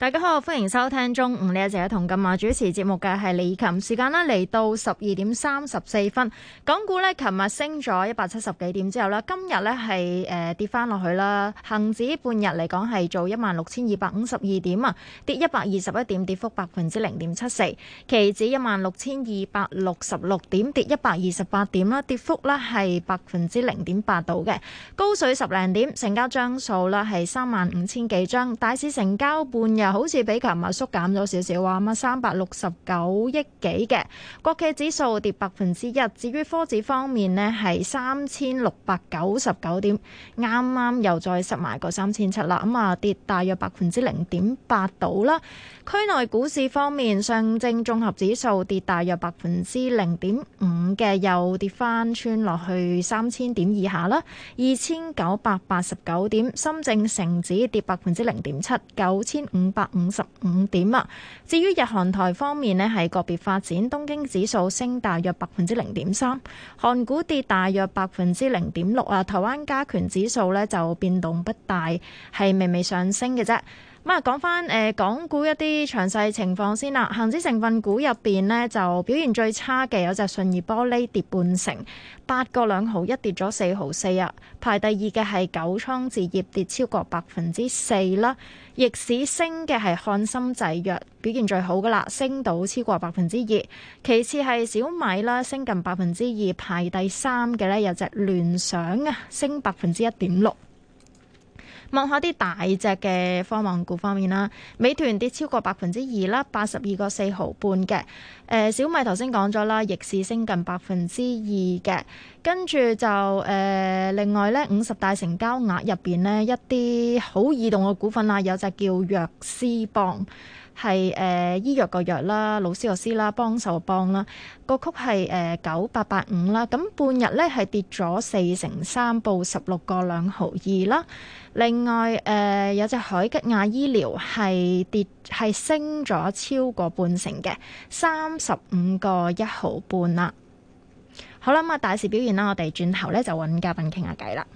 大家好，歡迎收聽中午呢一節，同今日主持節目嘅係李琴。時間呢嚟到十二點三十四分，港股呢，琴日升咗一百七十幾點之後呢，今日呢係誒跌翻落去啦。恒指半日嚟講係做一萬六千二百五十二點啊，跌一百二十一點，跌幅百分之零點七四。期指一萬六千二百六十六點，跌一百二十八點啦，跌幅呢係百分之零點八度嘅。高水十零點，成交張數呢係三萬五千幾張，大市成交半日。好似比琴日縮減咗少少啊！咁三百六十九億幾嘅國企指數跌百分之一。至於科指方面呢，係三千六百九十九點，啱啱又再失埋個三千七啦。咁啊，跌大約百分之零點八度啦。區內股市方面，上證綜合指數跌大約百分之零點五嘅，又跌翻穿落去三千點以下啦。二千九百八十九點，深證成指跌百分之零點七，九千五百百五十五點啊！至於日韓台方面呢係個別發展，東京指數升大約百分之零點三，韓股跌大約百分之零點六啊，台灣加權指數呢就變動不大，係微微上升嘅啫。咁啊，講翻誒港股一啲詳細情況先啦。恒指成分股入面呢，就表現最差嘅有隻順義玻璃跌半成，八個兩毫一跌咗四毫四啊。排第二嘅係九倉置業跌超過百分之四啦。逆市升嘅係漢森製藥表現最好噶啦，升到超過百分之二。其次係小米啦，升近百分之二。排第三嘅呢，有隻聯想啊，升百分之一點六。望下啲大隻嘅科網股方面啦，美團跌超過百分之二啦，八十二個四毫半嘅。誒，小米頭先講咗啦，逆市升近百分之二嘅。跟住就誒、呃，另外咧五十大成交額入面呢，一啲好異動嘅股份啦，有隻叫藥絲邦。係誒、呃、醫藥個藥啦，老師個師啦，幫手個幫啦，個曲係誒九八八五啦，咁半日咧係跌咗四成三，報十六個兩毫二啦。另外誒、呃、有隻海吉亞醫療係跌係升咗超過半成嘅，三十五個一毫半啦。好啦，咁啊大市表現啦，我哋轉頭咧就搵嘉賓傾下偈啦。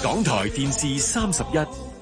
港台電視三十一。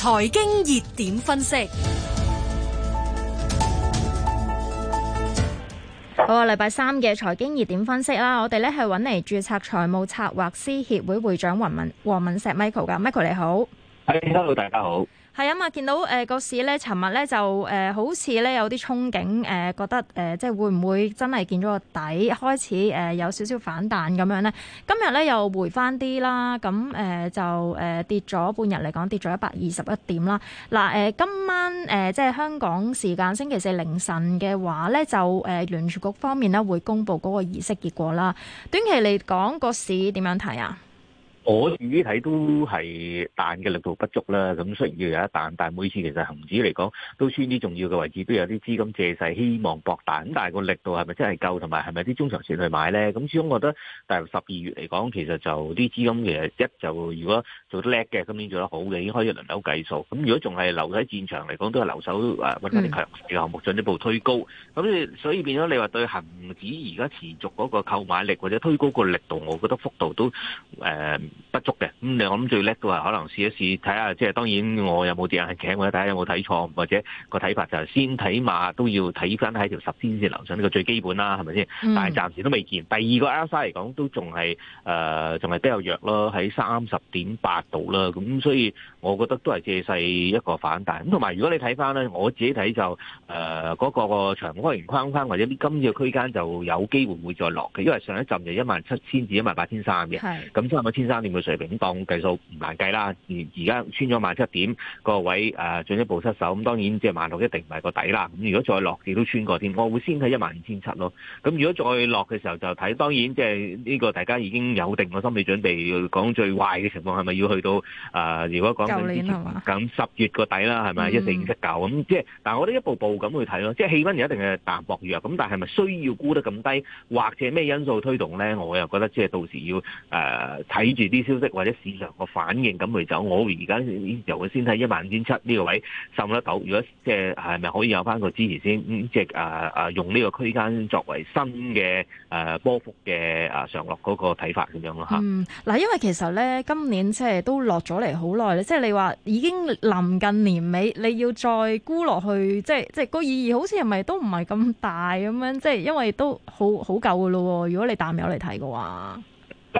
財經熱點分析，好啊！禮拜三嘅財經熱點分析啦，我哋咧係揾嚟註冊財務策劃師協會會會長雲敏黃敏碩 Michael 噶，Michael 你好，hey, hello, 大家好。係啊嘛，見到誒個市咧，尋日咧就誒好似咧有啲憧憬，誒覺得誒即係會唔會真係見咗個底，開始誒有少少反彈咁樣呢？今日咧又回翻啲啦，咁誒就誒跌咗半日嚟講，跌咗一百二十一點啦。嗱誒，今晚誒即係香港時間星期四凌晨嘅話咧，就誒聯儲局方面咧會公布嗰個議息結果啦。短期嚟講，個市點樣睇啊？我自己睇都係彈嘅力度不足啦，咁雖然要有一彈。但每次其實恆指嚟講，都先啲重要嘅位置都有啲資金借勢，希望博彈。咁但係個力度係咪真係夠，同埋係咪啲中長線去買咧？咁始終我覺得，但係十二月嚟講，其實就啲資金其實一就如果做得叻嘅，今年做得好嘅，已經可以輪流計數。咁如果仲係留喺戰場嚟講，都係留守誒揾翻啲強嘅項目進一步推高。咁所以變咗你話對恆指而家持續嗰個購買力或者推高個力度，我覺得幅度都誒。不足嘅，咁我諗最叻都係可能試一試睇下，即係當然我有冇戴眼鏡，或者睇下有冇睇錯，或者個睇法就係先，起碼都要睇翻喺條十天線樓上呢、呢個最基本啦，係咪先？但係暫時都未見。第二個 RSI 嚟講都仲係誒，仲、呃、係比較弱咯，喺三十點八度啦，咁所以我覺得都係借勢一個反彈。咁同埋如果你睇翻咧，我自己睇就誒嗰、呃那個長方形框框或者金字區間就有機會會再落嘅，因為上一陣就一萬七千至一萬八千三嘅，咁即係萬八千三。點樣水平當計數唔難計啦。而而家穿咗萬七點、個位，誒進一步失守。咁當然即係萬六一定唔係個底啦。咁如果再落，點都穿過添。我會先睇一萬二千七咯。咁如果再落嘅時候就，就睇當然即係呢個大家已經有定個心理準備。講最壞嘅情況係咪要去到誒、呃？如果講咁十月個底啦，係咪、嗯、一四五七九？咁即係，但係我都一步步咁去睇咯。即係氣温一定係淡薄弱咁，但係咪需要沽得咁低，或者咩因素推動咧？我又覺得即係到時要誒睇住。呃啲消息或者市場個反應咁去走，我而家由佢先睇一萬五千七呢個位受得到，如果即係係咪可以有翻個支持先，即係啊啊用呢個區間作為新嘅誒、啊、波幅嘅啊上落嗰個睇法咁樣咯嚇。嗱、嗯，因為其實咧今年即係都落咗嚟好耐咧，即係你話已經臨近年尾，你要再沽落去，即係即係個意義好似係咪都唔係咁大咁樣，即係因為都好好久噶咯喎。如果你淡友嚟睇嘅話。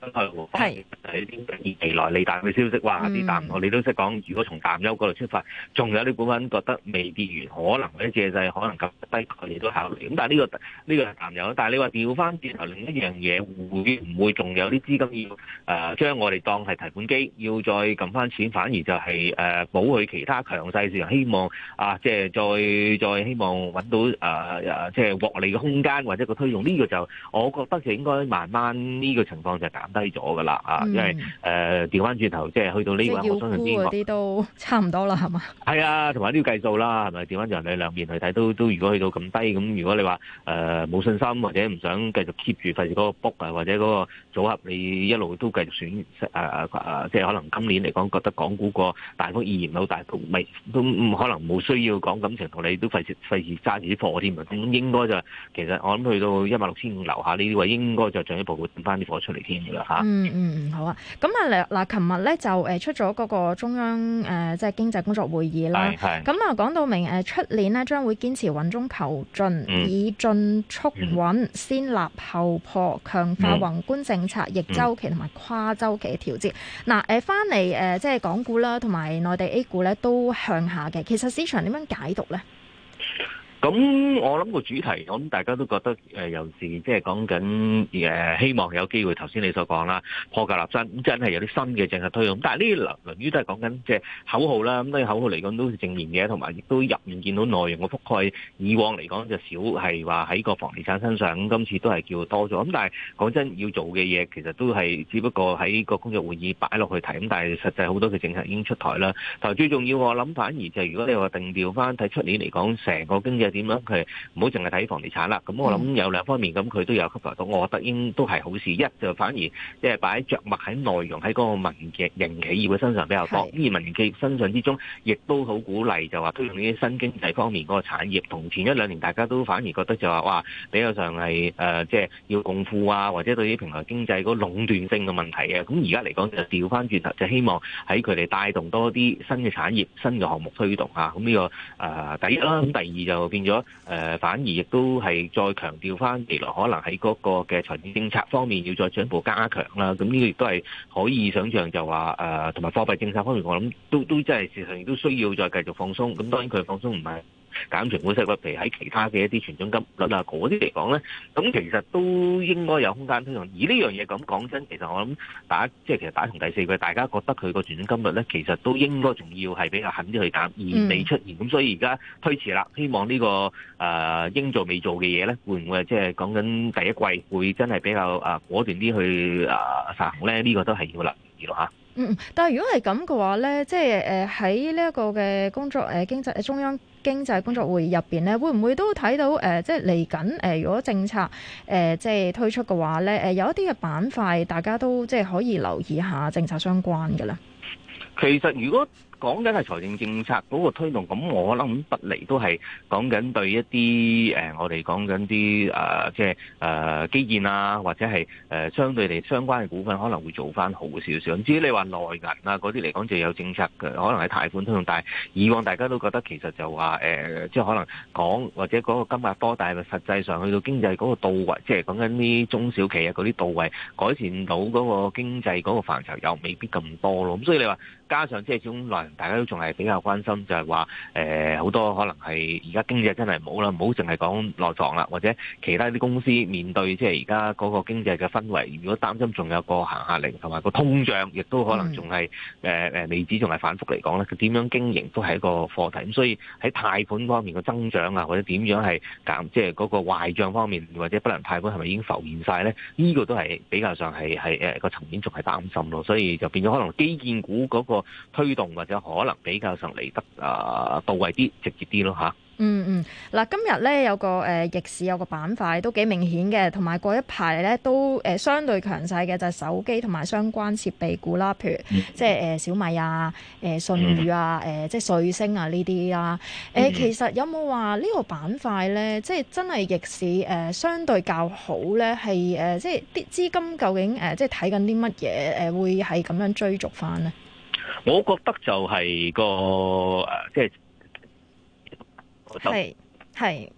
新開戶反應啲短期內利大嘅消息，話啲淡我，你都識講。如果從淡友嗰度出發，仲有啲股民覺得未跌完，可能呢隻就係可能咁低，佢哋都考慮。咁但係呢個呢個係淡友，但係、這個這個、你話調翻轉頭另一樣嘢，會唔會仲有啲資金要誒將、呃、我哋當係提款機，要再撳翻錢？反而就係誒補佢其他強勢市場，希望啊、呃，即係再再希望揾到誒、呃、即係獲利嘅空間或者個推動。呢、這個就我覺得就應該慢慢呢、這個情況就是。減低咗㗎啦啊，因為誒調翻轉頭，即、就、係、是 uh，就是、去到呢、這、位、個嗯，我相信啲啲都差唔多啦，係嘛？係啊，同埋呢個計數啦，係咪調翻轉頭兩邊去睇都都？都如果去到咁低，咁如果你話誒冇信心或者唔想繼續 keep 住費事嗰個 book 啊，或者嗰個組合，你一路都繼續選失誒、呃呃、即係可能今年嚟講覺得港股個大幅意然冇大幅，咪都唔可能冇需要講感情，同你都費事費事揸住啲貨添，咁應該就其實我諗去到一萬六千五樓下呢啲位，應該就進一步會抌翻啲貨出嚟添。嗯嗯嗯，好啊。咁啊，嗱，嗱，琴日咧就誒出咗嗰個中央誒，即係經濟工作會議啦。係係。咁啊，講到明誒出年呢將會堅持穩中求進，嗯、以進促穩，先立後破，強化宏觀政策、嗯、逆周期同埋跨週期嘅調節。嗱誒，翻嚟誒，即係港股啦，同埋內地 A 股咧，都向下嘅。其實市場點樣解讀呢？咁我諗個主題，咁大家都覺得誒，有時是即係講緊誒，希望有機會頭先你所講啦，破格立新，真係有啲新嘅政策推出。但係呢啲流流於都係講緊即係口號啦。咁呢啲口號嚟講都係正面嘅，同埋亦都入面見到內容嘅覆蓋。以往嚟講就少係話喺個房地產身上，咁今次都係叫多咗。咁但係講真要做嘅嘢，其實都係只不過喺個工作會議擺落去睇。咁但係實際好多嘅政策已經出台啦。但係最重要我諗反而就係如果你話定調翻睇出年嚟講，成個經濟。點樣佢唔好淨係睇房地產啦？咁我諗有兩方面，咁佢都有吸引到。我覺得應都係好事。一就反而即係擺着墨喺內容喺嗰個民營企業嘅身上比較多。而民營企業身上之中，亦都好鼓勵就話推動呢啲新經濟方面嗰個產業。同前一兩年大家都反而覺得就話哇，比較上係誒即係要共富啊，或者對於平台經濟嗰個壟斷性嘅問題啊。咁而家嚟講就調翻轉頭，就希望喺佢哋帶動多啲新嘅產業、新嘅項目推動啊。咁呢、這個誒、呃、第一啦，咁第二就變咗誒反而亦都係再強調翻，未來可能喺嗰個嘅財政政策方面要再進一步加強啦。咁呢個亦都係可以想象，就話誒同埋貨幣政策方面我，我諗都都真係事實亦都需要再繼續放鬆。咁當然佢放鬆唔係。減存款息率，譬如喺其他嘅一啲存準金率啊嗰啲嚟講咧，咁其實都應該有空間推動。以呢樣嘢咁講真，其實我諗，打即係其實打從第四季，大家覺得佢個存準金率咧，其實都應該仲要係比較狠啲去減，而未出現咁，嗯、所以而家推遲啦。希望、這個呃、英做做呢個誒應做未做嘅嘢咧，會唔會即、就、係、是、講緊第一季會真係比較啊果斷啲去啊行咧？呢、這個都係要留意咯嚇、啊。嗯，但係如果係咁嘅話咧，即係誒喺呢一個嘅工作誒、呃、經濟中央。經濟工作會議入邊咧，會唔會都睇到誒，即係嚟緊誒，如果政策誒即係推出嘅話咧，誒有一啲嘅板塊，大家都即係可以留意下政策相關嘅咧。其實如果講緊係財政政策嗰個推動，咁我諗不嚟都係講緊對一啲誒，我哋講緊啲誒，即係誒基建啊，或者係誒相對嚟相關嘅股份可能會做返好少少。至於你話內銀啊嗰啲嚟講就有政策嘅，可能係貸款推動。但係以往大家都覺得其實就話誒，即係可能講或者嗰個金額多，但係實際上去到經濟嗰個到位，即係講緊啲中小企啊嗰啲到位改善到嗰個經濟嗰個範疇又未必咁多咯。咁所以你話加上即係總言之。大家都仲係比較關心就，就係話誒好多可能係而家經濟真係冇啦，唔好淨係講內臟啦，或者其他啲公司面對即係而家嗰個經濟嘅氛圍，如果擔心仲有個下行壓力同埋個通脹，亦都可能仲係誒誒利子仲係反覆嚟講咧。佢點樣經營都係一個課題。咁所以喺貸款方面嘅增長啊，或者點樣係減，即係嗰個壞賬方面或者不良貸款係咪已經浮現晒咧？呢、呢個都係比較上係個層面仲係擔心咯。所以就變咗可能基建股嗰個推動或者。可能比較上嚟得啊，到位啲、直接啲咯嚇。嗯嗯，嗱，今日咧有個誒、呃、逆市有個板塊都幾明顯嘅，同埋過一排咧都誒、呃、相對強勢嘅就係手機同埋相關設備股啦，譬如即係誒小米啊、誒舜宇啊、誒即係瑞聲啊呢啲啊。誒、呃嗯，其實有冇話呢個板塊咧，即、就、係、是、真係逆市誒、呃、相對較好咧？係誒，即係啲資金究竟誒即係睇緊啲乜嘢誒？呃就是、會係咁樣追逐翻咧？我覺得就係個誒，即、就、係、係，係係。係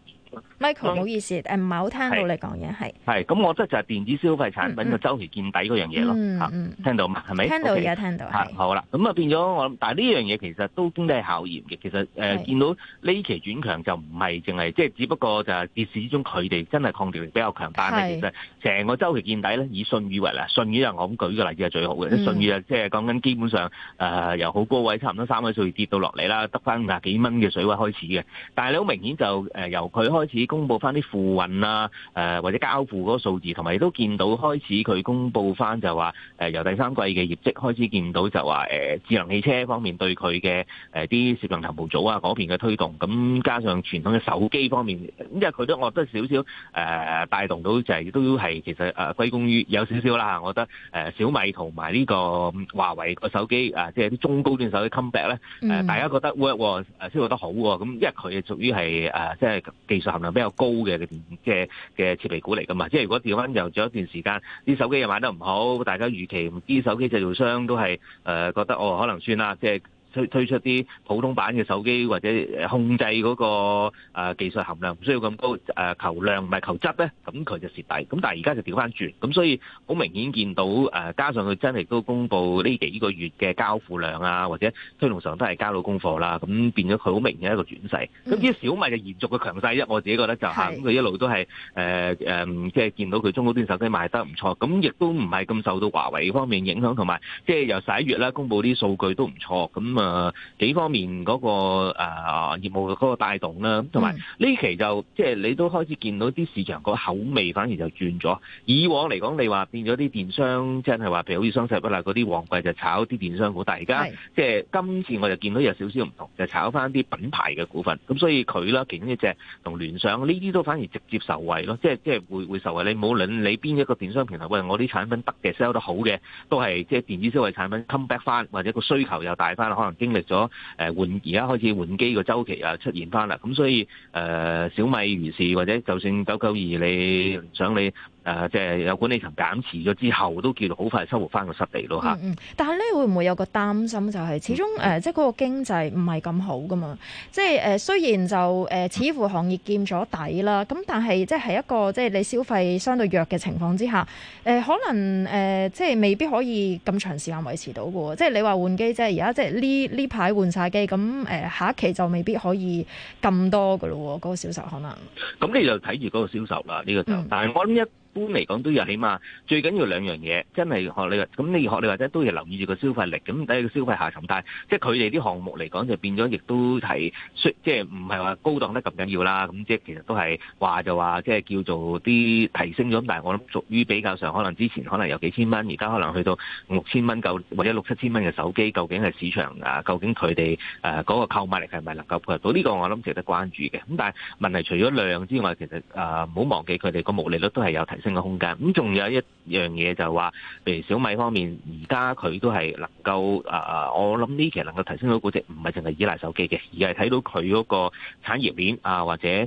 Michael，唔、嗯、好意思，誒唔係好聽到你講嘢，係。係，咁我覺得就係電子消費產品個周期見底嗰樣嘢咯，嚇、嗯嗯，聽到嘛，係咪？聽到而家聽到。係、okay，好啦，咁啊變咗我諗，但係呢樣嘢其實都經得起考驗嘅。其實誒、呃、見到呢期轉強就唔係淨係，即係只不過就係跌市之中佢哋真係抗跌力比較強但咧。其實成個周期見底咧，以舜宇為例，舜宇啊，我咁舉個例子係最好嘅，啲、嗯、舜宇啊，即係講緊基本上誒、呃、由好高位差唔多三位數跌到落嚟啦，得翻五十幾蚊嘅水位開始嘅，但係你好明顯就誒由佢開。開始公布翻啲付運啊，誒或者交付嗰個數字，同埋亦都見到開始佢公布翻就話誒由第三季嘅業績開始見到就話誒智能汽車方面對佢嘅誒啲攝像頭模組啊嗰邊嘅推動，咁加上傳統嘅手機方面，因為佢都我覺得少少誒、呃、帶動到就係、是、都係其實誒歸功於有少少啦，我覺得誒小米同埋呢個華為個手機啊，即係啲中高端手機 come back 咧、呃、誒、嗯，大家覺得 work 誒，銷得好喎，咁因為佢係屬於係即係技。含量比較高嘅嘅嘅設備股嚟㗎嘛，即係如果跌翻由咗一段時間，啲手機又賣得唔好，大家預期啲手機製造商都係誒、呃、覺得哦，可能算啦，即係。推推出啲普通版嘅手機或者控制嗰個技術含量唔需要咁高，誒求量唔係求質咧，咁佢就蝕底。咁但係而家就調返轉，咁所以好明顯見到誒加上佢真係都公布呢幾個月嘅交付量啊，或者推動上都係交到功課啦，咁變咗佢好明顯係一個轉勢。咁啲小米就延續嘅強勢一，我自己覺得就係咁佢一路都係誒誒，即係見到佢中高端手機賣得唔錯，咁亦都唔係咁受到華為方面影響，同埋即係由十一月啦，公布啲數據都唔錯，咁啊。誒、呃、幾方面嗰、嗰個業、呃、業務嗰個帶動啦，同埋呢期就、mm. 即係你都開始見到啲市場個口味反而就轉咗。以往嚟講，你話變咗啲電商，即係話譬如好似雙十一啦，嗰啲旺季就炒啲電商股，但係而家、mm. 即係今次我就見到有少少唔同，就炒翻啲品牌嘅股份。咁所以佢啦，其中一隻同聯想呢啲都反而直接受惠咯，即係即係會會受惠。你無論你邊一個電商平台，喂，我啲產品得嘅 sell 得好嘅，都係即係電子消費產品 come back 翻，或者個需求又大翻可能經歷咗誒、換，而家開始換機個周期啊，出現翻啦，咁所以誒、呃、小米如是，或者就算九九二你想你。誒、呃，即、就、係、是、有管理層減持咗之後，都叫做好快收復翻個失地咯、嗯嗯、但係咧，會唔會有個擔心就係、是，始終即係嗰個經濟唔係咁好噶嘛？即係誒，雖然就誒、呃，似乎行業見咗底啦，咁但係即係一個即係、就是、你消費相對弱嘅情況之下，呃、可能誒，即、呃、係、就是、未必可以咁長時間維持到嘅喎。即、就、係、是、你話換機，即係而家即係呢呢排換晒機，咁、呃、下一期就未必可以咁多嘅咯，嗰、那個銷售可能。咁你就睇住嗰個銷售啦，呢、這個就，嗯、但係我諗一。般嚟講，都要起碼最緊要兩樣嘢，真係學你話，咁你學你話齋，都要留意住個消費力。咁睇下個消費下沉，但係即係佢哋啲項目嚟講，就變咗亦都係需，即係唔係話高檔得咁緊要啦。咁即係其實都係話就話，即係叫做啲提升咗。但係我諗屬於比較上，可能之前可能有幾千蚊，而家可能去到六千蚊夠，或者六七千蚊嘅手機，究竟係市場啊，究竟佢哋誒嗰個購買力係咪能夠配合到？呢個我諗值得關注嘅。咁但係問題除咗量之外，其實誒唔好忘記佢哋個毛利率都係有提升。嘅空間咁，仲有一樣嘢就係話，譬如小米方面，而家佢都係能夠啊啊！我諗呢期能夠提升到估值，唔係淨係依賴手機嘅，而係睇到佢嗰個產業鏈啊，或者誒，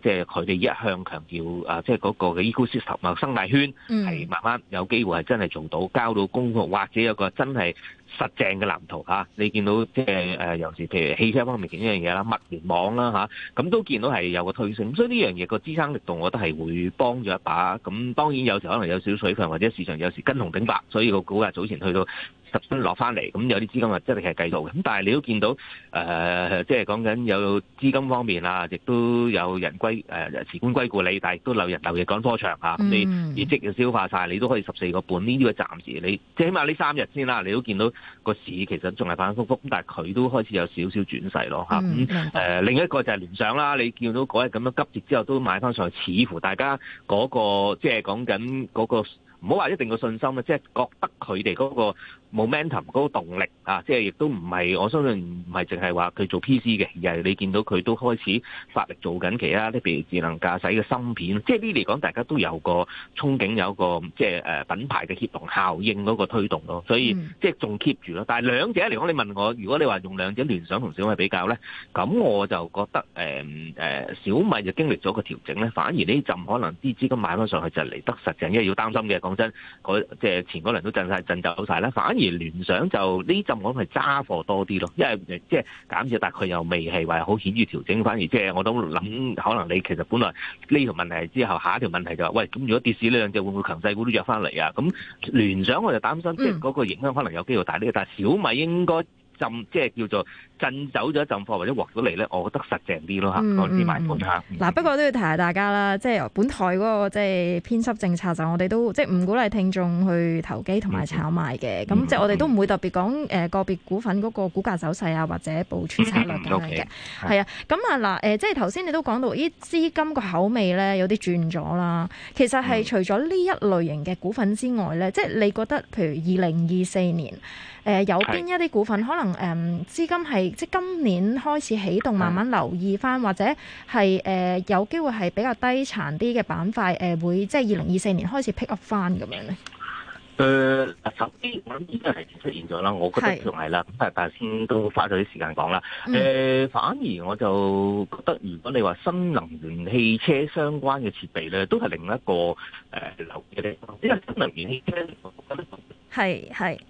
即係佢哋一向強調啊，即係嗰個嘅 ecosystem 啊生態圈，係慢慢有機會係真係做到交到功課，或者有個真係。實正嘅藍圖嚇、啊，你見到即係誒尤其譬如汽車方面嘅呢樣嘢啦，物聯網啦嚇，咁、啊啊、都見到係有個推升，所以呢樣嘢個支撐力度，我覺得係會幫咗一把。咁當然有時可能有少水分，或者市場有時跟紅頂白，所以個股價早前去到，十蚊落翻嚟，咁有啲資金又真係係計數嘅。咁但係你都見到，誒、呃，即係講緊有資金方面啊，亦都有人歸誒、呃、時官歸故、啊、你，你，你，但係都留人留夜講科長咁你業績要消化晒，你都可以十四個半呢？呢個暫時你即係起碼呢三日先啦。你都見到個市其實仲係反反覆覆咁，但係佢都開始有少少轉勢咯嚇。咁、啊、誒、嗯呃，另一個就係聯想啦。你見到嗰日咁樣急跌之後，都買翻上去，似乎大家嗰、那個即係講緊嗰個唔好話一定個信心啊，即、就、係、是、覺得佢哋嗰個。冇 momentum 嗰個動力啊，即係亦都唔係我相信唔係淨係話佢做 PC 嘅，而係你見到佢都開始發力做緊其他，譬如智能駕駛嘅芯片，即係呢嚟講大家都有個憧憬，有一個即係誒品牌嘅協同效應嗰個推動咯，所以即係仲 keep 住咯。但係兩者嚟講，你問我，如果你話用兩者聯想同小米比較咧，咁我就覺得誒誒小米就經歷咗個調整咧，反而呢就可能啲資金買翻上去就嚟得實淨，因為要擔心嘅講真，嗰即係前嗰輪都震晒震走晒咧，反而。而聯想就呢陣我講係揸貨多啲咯，因為即係減少，但係佢又未係話好顯著調整，反而即係我都諗可能你其實本來呢條問題之後下一條問題就話、是、喂，咁如果跌市呢兩隻會唔會強勢股都約翻嚟啊？咁聯想我就擔心，嗯、即係嗰、嗰個影響可能有機會大啲，但係小米應該。即係叫做震走咗一陣貨，或者獲咗嚟咧，我覺得實淨啲咯，嚇嗰啲買盤嚇。嗱不過都要提下大家啦，即係本台嗰個即係編輯政策就我哋都即係唔鼓勵聽眾去投機同埋炒賣嘅。咁即係我哋都唔會特別講誒個別股份嗰個股價走勢啊，或者部署策略咁樣嘅。係、嗯、啊，咁啊嗱誒，即係頭先你都講到咦，資金個口味咧有啲轉咗啦。其實係除咗呢一類型嘅股份之外咧，即係你覺得譬如二零二四年。誒、呃、有邊一啲股份是可能誒、嗯、資金係即係今年開始起動，慢慢留意翻，或者係誒、呃、有機會係比較低殘啲嘅板塊誒、呃，會即係二零二四年開始 pick up 翻咁樣咧？誒、呃，首先我諗應該係出現咗啦，我覺得仲係啦。咁但係先都花咗啲時間講啦。誒、嗯呃，反而我就覺得，如果你話新能源汽車相關嘅設備咧，都係另一個誒、呃、留意咧，因為新能源汽車我覺得係係。是是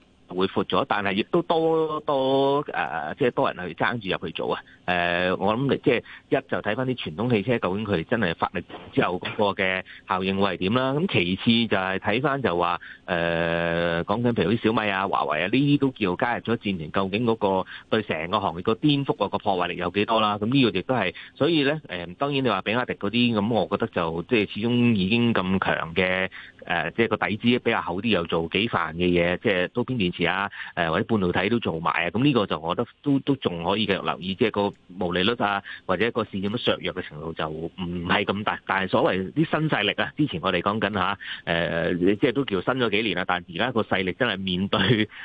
會闊咗，但係亦都多多、呃、即係多人去爭住入去做啊、呃！我諗你即係一就睇翻啲傳統汽車，究竟佢真係發力之後嗰個嘅效應會係點啦？咁其次就係睇翻就話誒、呃，講緊譬如啲小米啊、華為啊，呢啲都叫加入咗戰場，究竟嗰個對成個行業個顛覆、個破壞力有幾多啦？咁呢個亦都係，所以咧誒，當然你話比亞迪嗰啲咁，我覺得就即係始終已經咁強嘅誒、呃，即係個底子比較厚啲，又做幾煩嘅嘢，即係都邊年。啊，或者半導體都做埋啊，咁呢個就我覺得都都仲可以繼續留意，即係個毛利率啊，或者個市面咁削弱嘅程度就唔係咁大。但係所謂啲新勢力啊，之前我哋講緊下，誒、呃，即係都叫新咗幾年啦。但係而家個勢力真係面對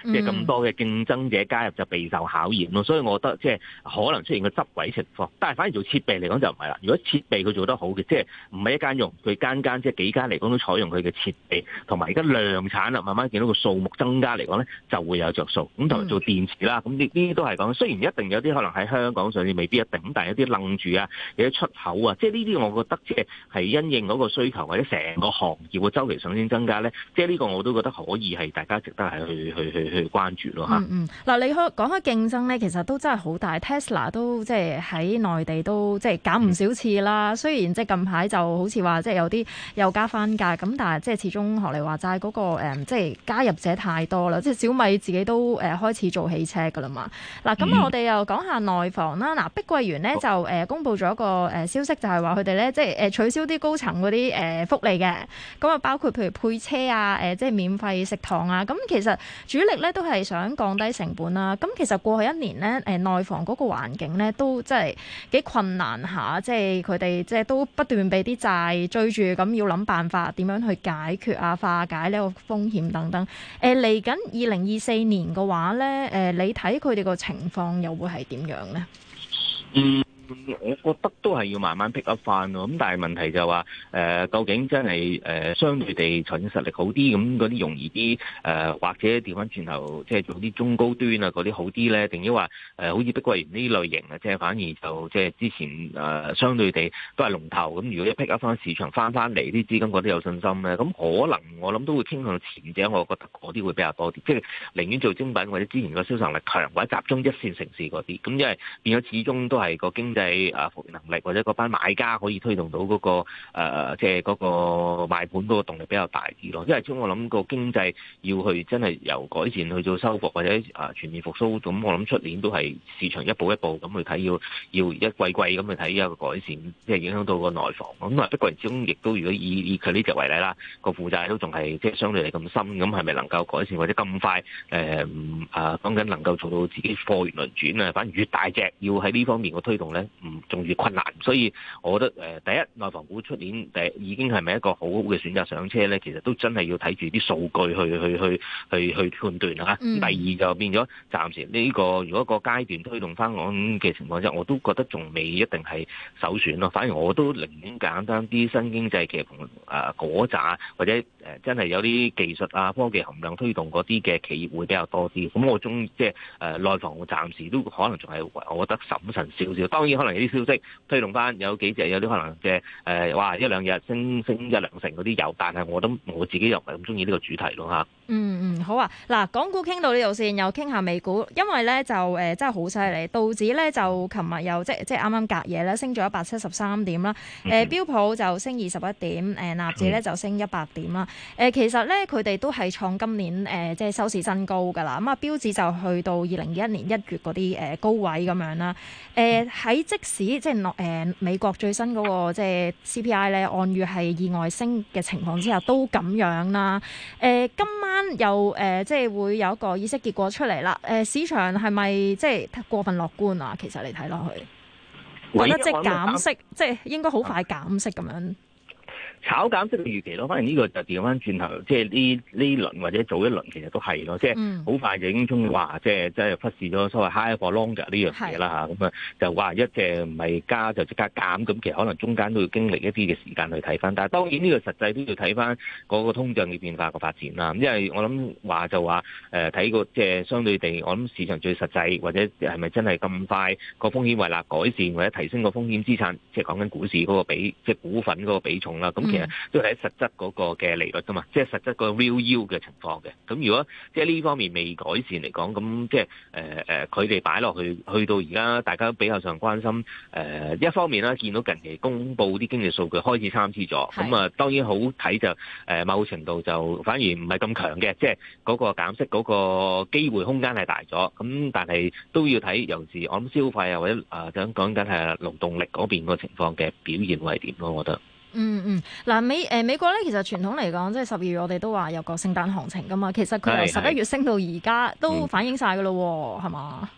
即係咁多嘅競爭者加入就備受考驗咯。所以我覺得即係可能出現個執位情況。但係反而做設備嚟講就唔係啦。如果設備佢做得好嘅，即係唔係一間用，佢間間即係幾間嚟講都採用佢嘅設備，同埋而家量產啊，慢慢見到個數目增加嚟講咧，就會有着數咁，同埋做電池啦，咁呢呢啲都係講，雖然一定有啲可能喺香港上未必一定，但係有啲愣住啊，有啲出口啊，即係呢啲我覺得即係係因應嗰個需求或者成個行業嘅周期上先增加咧，即係呢個我都覺得可以係大家值得係去去去去關注咯嚇。嗱、嗯嗯，你開講開競爭咧，其實都真係好大，Tesla 都即係喺內地都即係減唔少次啦、嗯。雖然即係近排就好似話即係有啲又加翻價，咁但係即係始終學你話齋嗰個誒，即係加入者太多啦，即係少。咪自己都誒、呃、開始做汽車噶啦嘛嗱，咁、啊、我哋又講下內房啦嗱、呃，碧桂園呢就誒、呃、公佈咗一個誒、呃、消息就是說他們，就係話佢哋咧即係誒取消啲高層嗰啲誒福利嘅，咁啊包括譬如配車啊誒、呃，即係免費食堂啊，咁、嗯、其實主力咧都係想降低成本啦、啊。咁、嗯、其實過去一年呢，誒、呃、內房嗰個環境咧都即係幾困難下，即係佢哋即係都不斷俾啲債追住，咁要諗辦法點樣去解決啊、化解呢個風險等等。誒嚟緊二零。二四年嘅話咧，誒、呃，你睇佢哋個情況又會係點樣咧？我覺得都係要慢慢劈一翻咯。咁但係問題就係話誒、呃，究竟真係誒、呃、相對地財政實力好啲，咁嗰啲容易啲誒、呃，或者調翻轉頭即係做啲中高端啊嗰啲好啲咧？定要話誒好似碧桂園呢類型啊，即係反而就即係、就是、之前誒、呃、相對地都係龍頭。咁如果一劈一翻市場翻翻嚟，啲資金嗰啲有信心咧，咁可能我諗都會傾向前者，我覺得嗰啲會比較多啲，即、就、係、是、寧願做精品或者之前個銷售力強或者集中一線城市嗰啲。咁因為變咗始終都係個經。即係誒服務能力，或者嗰班買家可以推動到嗰、嗰個誒，即係嗰個買盤嗰個動力比較大啲咯。因為始終我諗個經濟要去真係由改善去做收復，或者啊全面復甦，咁我諗出年都係市場一步一步咁去睇，要要一季季咁去睇一有改善，即、就、係、是、影響到個內房。咁啊不過，始終亦都如果以以佢呢隻為例啦，個負債都仲係即係相對嚟咁深，咁係咪能夠改善或者咁快誒、呃？啊講緊能夠做到自己貨源輪轉啊，反而越大隻要喺呢方面個推動咧。唔仲要困難，所以，我覺得誒第一內房股出年已經係咪一個好好嘅選擇上車咧？其實都真係要睇住啲數據去去去去去判斷啦、啊嗯嗯、第二就變咗暫時呢個如果個階段推動翻我嘅情況之下，我都覺得仲未一定係首選咯、啊。反而我都寧願簡單啲新經濟嘅同誒嗰扎或者誒真係有啲技術啊科技含量推動嗰啲嘅企業會比較多啲。咁我中即係誒內房暫時都可能仲係我覺得審慎少少。當然。可能有啲消息推動翻有幾隻有啲可能嘅誒、呃，哇一兩日升升一兩成嗰啲有，但係我都我自己又唔係咁中意呢個主題咯吓，嗯嗯，好啊，嗱，港股傾到呢度先，又傾下美股，因為咧就誒、呃、真係好犀利，道指咧就琴日又即即啱啱隔夜咧升咗一百七十三點啦，誒、呃、標普就升二十一點，誒納指咧就升一百點啦，誒、呃、其實咧佢哋都係創今年誒、呃、即係收市新高㗎啦，咁、呃、啊標指就去到二零二一年一月嗰啲誒高位咁樣啦，誒、呃、喺即使即係落誒美國最新嗰個即係 CPI 咧，按月係意外升嘅情況之下，都咁樣啦。誒，今晚又誒即係會有一個意識結果出嚟啦。誒，市場係咪即係太過分樂觀啊？其實你睇落去，覺得即係減息，即係應該好快減息咁樣。炒減息嘅預期咯，反而呢個就調翻轉頭，即係呢呢輪或者早一輪其實都係咯，即係好快就已經中意話即係即係忽視咗所謂 high 和 longer 呢樣嘢啦嚇，咁啊就話一隻唔係加就即刻減，咁其實可能中間都要經歷一啲嘅時間去睇翻。但係當然呢個實際都要睇翻嗰個通脹嘅變化個發展啦，因為我諗話就話誒睇個即係、就是、相對地，我諗市場最實際或者係咪真係咁快、個風險為啦改善或者提升個風險資產，即係講緊股市嗰個比即係、就是、股份嗰個比重啦，咁、嗯。都係喺實質嗰個嘅利率啫嘛，即、就、係、是、實質個 real yield 嘅情況嘅。咁如果即係呢方面未改善嚟講，咁即係誒誒，佢哋擺落去去到而家，大家都比較上關心誒、呃。一方面啦，見到近期公布啲經濟數據開始參差咗，咁啊當然好睇就誒、呃，某程度就反而唔係咁強嘅，即係嗰個減息嗰個機會空間係大咗。咁但係都要睇有時我諗消費啊，或者啊想講緊係勞動力嗰邊個情況嘅表現會係點咯？我覺得。嗯嗯，嗱、嗯、美誒、呃、美國咧，其實傳統嚟講，即係十二月我哋都話有個聖誕行情噶嘛，其實佢由十一月升到而家都反映晒噶咯，係、嗯、嘛？是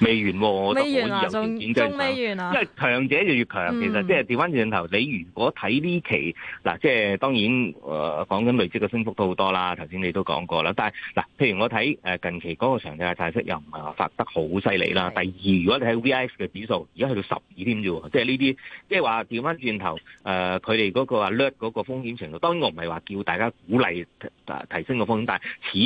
未完、啊，我都可以有啲轉折，因為強者就越強、嗯。其實即係調翻轉頭，你如果睇呢期嗱，即係當然誒，講、呃、緊累積嘅升幅都好多啦。頭先你都講過啦，但係嗱，譬如我睇誒、呃、近期嗰個長者嘅債息又唔係話發得好犀利啦。第二，如果你睇 VIX 嘅指數，而家去到十二添啫，即係呢啲，即係話調翻轉頭誒，佢哋嗰個啊嗰、嗰個風險程度。當然我唔係話叫大家鼓勵提升個風險，但係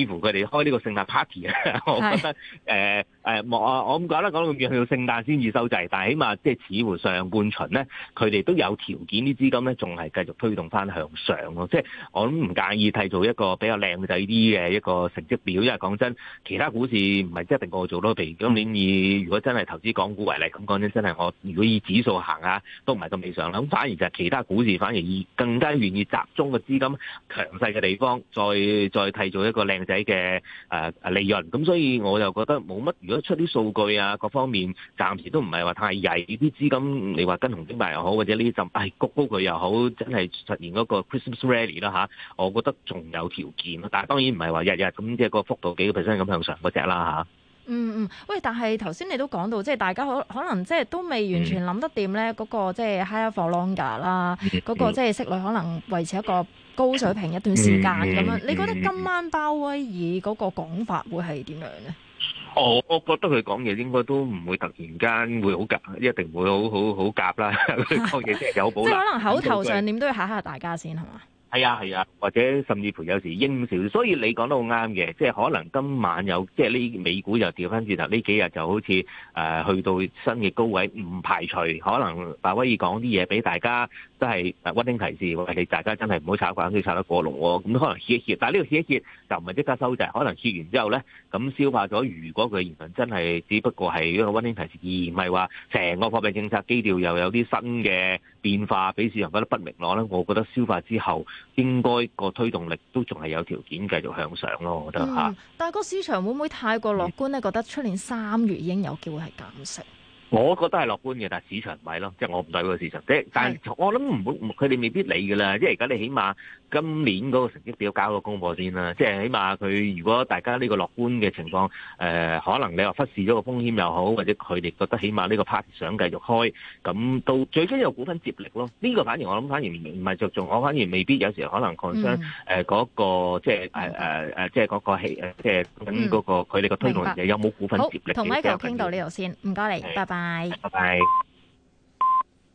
似乎佢哋開呢個聖誕 party， 我覺得誒。呃誒、哎，冇我唔講啦，講到咁遠去到聖誕先至收滯，但係起碼即係似乎上半旬咧，佢哋都有條件啲資金咧，仲係繼續推動翻向上咯。即係我諗唔介意替做一個比較靚仔啲嘅一個成績表，因為講真，其他股市唔係即一定過做咯。譬如今年以如果真係投資港股為例，咁講真真係我如果以指數行下都唔係咁理想啦。咁反而就係其他股市，反而以更加願意集中個資金強勢嘅地方，再再替做一個靚仔嘅誒利潤。咁所以我就覺得冇乜如果。出啲數據啊，各方面暫時都唔係話太曳。啲資金你話跟紅頂白又好，或者呢啲就係谷高佢又好，真係實現嗰個 Christmas rally 啦、啊、嚇。我覺得仲有條件，但係當然唔係話日日咁，即、那、係個幅度幾個 percent 咁向上嗰隻啦嚇。嗯嗯，喂，但係頭先你都講到，即係大家可可能即係都未完全諗得掂咧，嗰、嗯那個即係 higher for longer 啦，嗰個即係息率可能維持一個高水平一段時間咁、嗯嗯、樣。你覺得今晚鮑威爾嗰個講法會係點樣咧？我我覺得佢講嘢應該都唔會突然間會好夾，一定會好好好夾啦。講嘢即係有保。即係可能口頭上點都要嚇嚇大家先係嘛？係啊係啊，或者甚至乎有時應酬。所以你講得好啱嘅，即係可能今晚有即係呢美股又調翻轉頭，呢幾日就好似誒去到新嘅高位，唔排除可能鮑威爾講啲嘢俾大家。都係誒温馨提示，話你大家真係唔好炒掛，咁先炒得過龍喎。咁可能歇一歇，但係呢度歇一歇，就唔係即刻收滯，可能歇完之後咧，咁消化咗。如果佢嘅言論真係只不過係一個温馨提示，而唔係話成個貨幣政策基調又有啲新嘅變化，俾市場覺得不明朗咧，我覺得消化之後，應該個推動力都仲係有條件繼續向上咯。我覺得嚇、嗯。但係個市場會唔會太過樂觀咧、嗯？覺得出年三月已經有機會係減息。我覺得係樂觀嘅，但係市場唔係咯，即係我唔代表個市場。即係但係我諗唔會，佢哋未必理㗎啦。即係而家你起碼今年嗰個成績表搞個公佈先啦。即係起碼佢如果大家呢個樂觀嘅情況，誒可能你話忽視咗個風險又好，或者佢哋覺得起碼呢個 part 想繼續開，咁都最緊要有股份接力咯。呢個反而我諗，反而唔係着重。我反而未必有時候可能擴張誒嗰個，即係誒誒誒，即係嗰個係，即係等嗰個佢哋個推動人哋有冇股份接力嘅。好，同 Michael 傾到呢度先，唔該你，拜拜。拜拜。